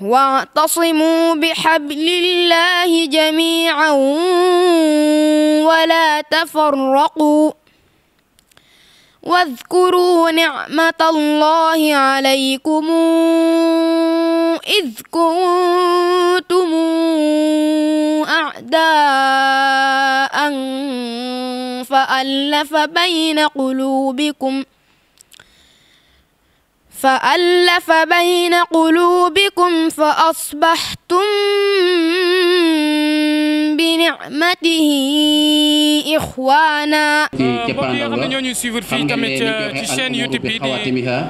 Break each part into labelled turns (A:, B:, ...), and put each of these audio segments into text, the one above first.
A: واعتصموا بحبل الله جميعا ولا تفرقوا واذكروا نعمة الله عليكم إذ كنتم أعداء فألف بين قلوبكم فألف بين قلوبكم فأصبحتم بنعمته إخوانا mbokk yi nga xam ne ñoo ñuy
B: suivre fii tamit ci chaîne YouTube bi di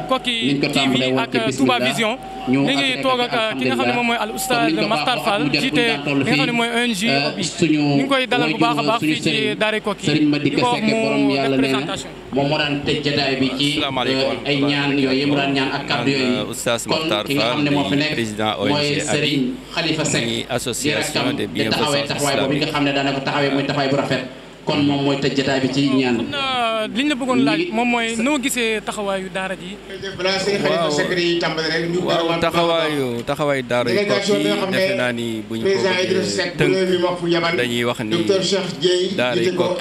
B: Koki TV ak Touba Vision ñu ngi toog ak ki nga xam ne moom mooy al oustaz Makhtar Fall jiite li nga xam ne mooy ONG bi euh, ñu ngi koy dalal bu baax a baax fii ci Daara Koki di ko mu def présentation. moom moo daan tëj jotaay bi ci euh, ay ñaan yooyu yëpp daan ñaan ak kàddu yooyu euh, oustaz Makhtar Fall président ONG Abi muy association des bienfaisants islamiques nga xam ne daana ko taxawee muy taxawaay bu rafet kon moom mooy tëj jotaay bi ci ñaan li ñu la bëggoon laaj moom mooy noo gisee taxawaayu daara ji. waaw waaw taxawaayu taxawaayu daara yi kooku defe naa ni bu ñu ko bëggee tënk dañuy wax ni daara yi kooku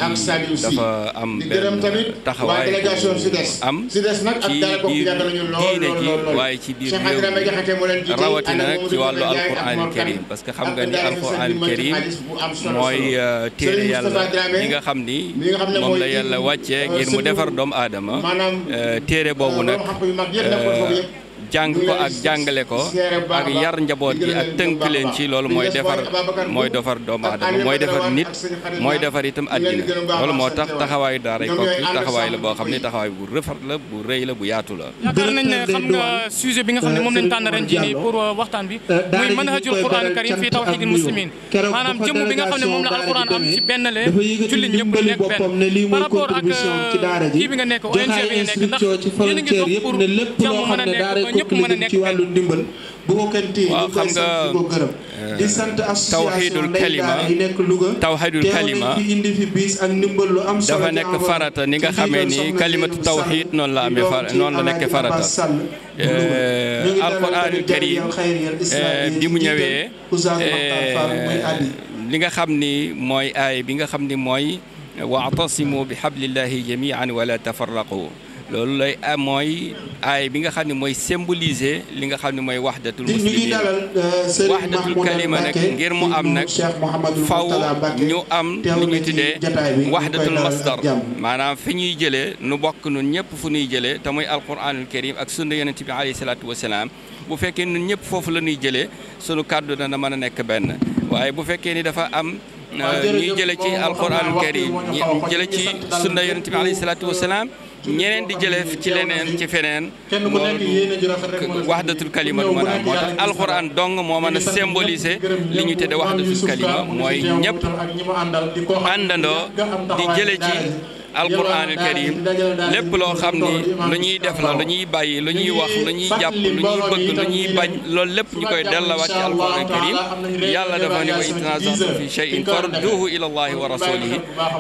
B: dafa am benn taxawaay am ci biir diine ji waaye ci biir réew rawatina nag ci wàllu alquran karim parce que xam nga ni alquran karim mooy euh, téere yàlla yi nga xam ni moom la yàlla wàccee ngir mu defar doomu aadama euh, téere boobu euh, nag jàng ko ak jàngale ko ak yar njaboot gi ak tënk leen ci loolu mooy defar mooy defar doomu aadama mooy defar nit mooy defar itam àddina loolu moo tax taxawaayu daaray Koki taxawaay la boo xam ne taxawaay bu rëfar la bu rëy la bu yaatu la. yaakaar nañ ne xam nga sujet bi nga xam ne moom lañ tànn ren jii nii pour euh, waxtaan bi euh, muy manhajul quran karim fii tawxiidil muslimin maanaam jëmm bi nga xam ne moom la alquran am ci benn le jullit ñëpp di nekk benn euh, a a ñëpp mën a nekk ci wàllu ndimbal bu ko kenn téye waaw xam nga di euh, sant association ndeydaara yi nekk Louga tawxiidul kalima indi fi bis ak ndimbal lu am solo dafa nekk farata ni nga xamee ni kalimatu tawxiid noonu la amee far noonu la nekkee farata alquraanul euh, karim euh, bi mu ñëwee li nga xam ni mooy aay bi nga xam ni mooy waatasimu bi xablillahi jamian wala tafarraqu loolu lay mooy ay bi nga xam ne mooy symboliser li nga xam ne mooy waxdatul muslimin euh, waxdatul kalima nag ngir mu am nag faw ñu am li ñu tuddee waxdatul masdar maanaam fi ñuy jëlee nu bokk nun ñëpp fu nuy jëlee te mooy alquranul karim ak sunna yonente bi alayhi salaatu wasalaam bu fekkee nun ñëpp foofu la nuy jëlee sunu kàddu dana mën a nekk benn waaye bu fekkee ni dafa am euh, ñuy jële ci alquranul karim ñi jële ci sunna yonente bi alayhi salaatu wasalaam ñeneen di jëleef ci leneen ci feneen loolu waxdatul kalima du mën a am moo tax alxuraan dong moo mën a symboliser li ñu tëddee waxdatul kalima mooy ñëpp àndandoo di jële ci alquranul karim lépp loo xam ni lu ñuy def la lu ñuy bàyyi lu ñuy wax lu ñuy jàpp lu ñuy bëgg lu ñuy bañ loolu lépp ñu koy della ci alquranul karim yàlla dafa ni wa in tanaaza'tum fi shay'in farudduuhu ila allahi wa rasulihi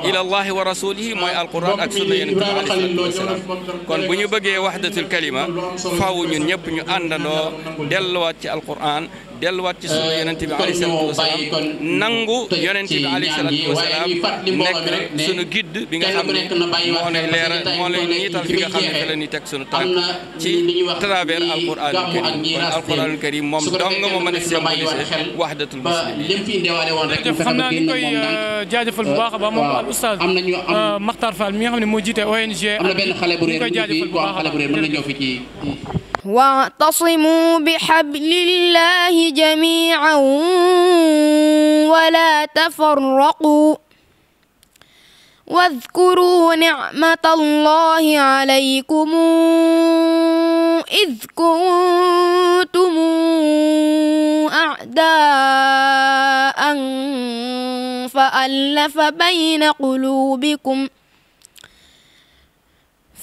B: ila allahi wa rasulihi mooy alquran ak sunna yonent bi alayhi salaatu wasalaam kon bu ñu bëggee waxdatul kalima faw ñun ñëpp ñu àndandoo delluwaat ci alquran delluwaat ci sunu euh, yonent bi alayhi salaatu wa salaam nangu yonent bi alayhi salaatu wa salaam nekk sunu guide bi nga xam ne moo lay leeral moo lay niital fi nga xam ne fi la ñuy teg sunu tànk ci travers alquran karim kon alquran karim moom dong moo mën a symboliser wahdatul muslimin xam naa ni koy euh, jaajëfal bu baax a baax moom al oustaz euh, Makhtar Fall mi nga xam ne moo jiite ONG ak ñu koy jaajëfal bu baax a baax
A: واعتصموا بحبل الله جميعا ولا تفرقوا واذكروا نعمة الله عليكم إذ كنتم أعداء فألف بين قلوبكم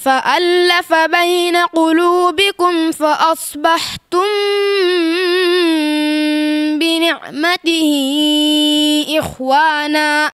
A: فألف بين قلوبكم فأصبحتم بنعمته إخوانا